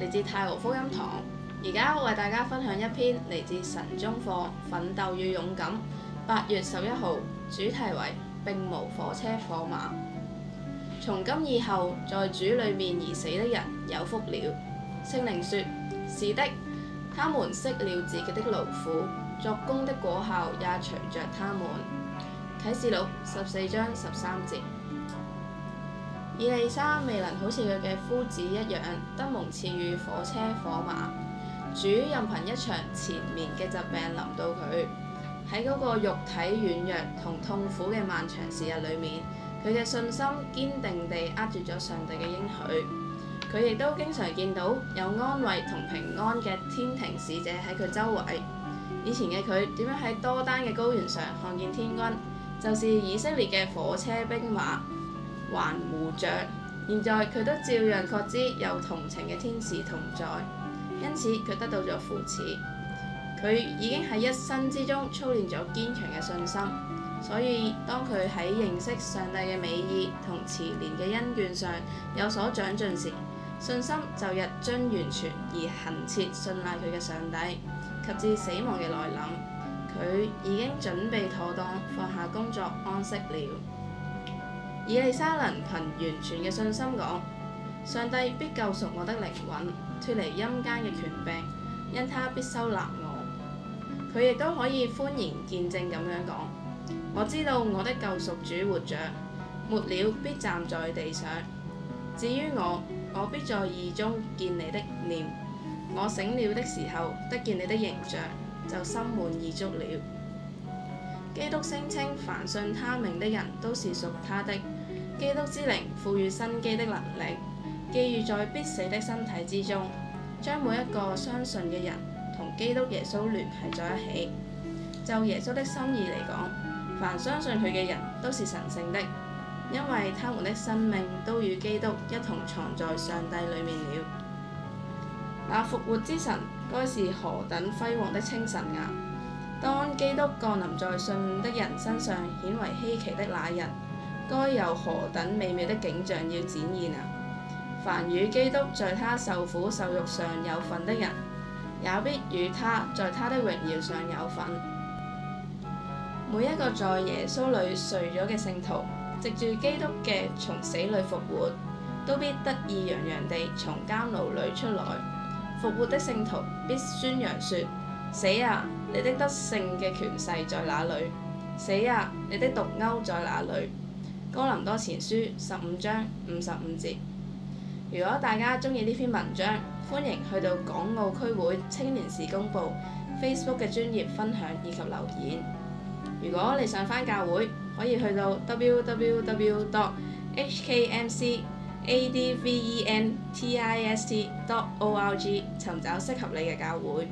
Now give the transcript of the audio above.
嚟自太和福音堂，而家我為大家分享一篇嚟自神中課《奮鬥與勇敢》。八月十一號，主題為並無火車火馬。從今以後，在主裏面而死的人有福了。聖靈說：是的，他們息了自己的勞苦，作工的果效也隨着他們。啟示錄十四章十三節。以利沙未能好似佢嘅夫子一樣，得蒙賜予火車火馬。主任憑一場纏綿嘅疾病臨到佢，喺嗰個肉體軟弱同痛苦嘅漫長時日裏面，佢嘅信心堅定地握住咗上帝嘅應許。佢亦都經常見到有安慰同平安嘅天庭使者喺佢周圍。以前嘅佢點樣喺多丹嘅高原上看見天軍，就是以色列嘅火車兵馬。還活着，現在佢都照樣確知有同情嘅天使同在，因此佢得到咗扶持。佢已經喺一生之中操練咗堅強嘅信心，所以當佢喺認識上帝嘅美意同慈憐嘅恩眷上有所長進時，信心就日漸完全而恆切信賴佢嘅上帝。及至死亡嘅來臨，佢已經準備妥當，放下工作安息了。以利沙能憑完全嘅信心講：上帝必救贖我的靈魂，脫離陰間嘅權柄，因他必收納我。佢亦都可以歡然見證咁樣講：我知道我的救贖主活着，末了必站在地上。至於我，我必在義中見你的面，我醒了的時候得見你的形象，就心滿意足了。基督聲稱凡信他名的人都是屬他的。基督之靈賦予生機的能力，寄予在必死的身體之中，將每一個相信嘅人同基督耶穌聯繫在一起。就耶穌的心意嚟講，凡相信佢嘅人都是神聖的，因為他們的生命都與基督一同藏在上帝裡面了。那復活之神該是何等輝煌的清晨啊！當基督降臨在信的人身上，顯為稀奇的那日。該有何等美妙的景象要展現啊！凡與基督在他受苦受辱上有份的人，也必與他在他的榮耀上有份。每一個在耶穌裏睡咗嘅聖徒，藉住基督嘅從死裏復活，都必得意洋洋地從監牢裏出來。復活的聖徒必宣揚說：「死啊，你的得勝嘅權勢在哪裏？死啊，你的毒鈎在哪裏？」哥林多前書十五章五十五節。如果大家中意呢篇文章，歡迎去到港澳區會青年事公報 Facebook 嘅專頁分享以及留言。如果你想返教會，可以去到 www.hkmcadventist.org 尋找適合你嘅教會。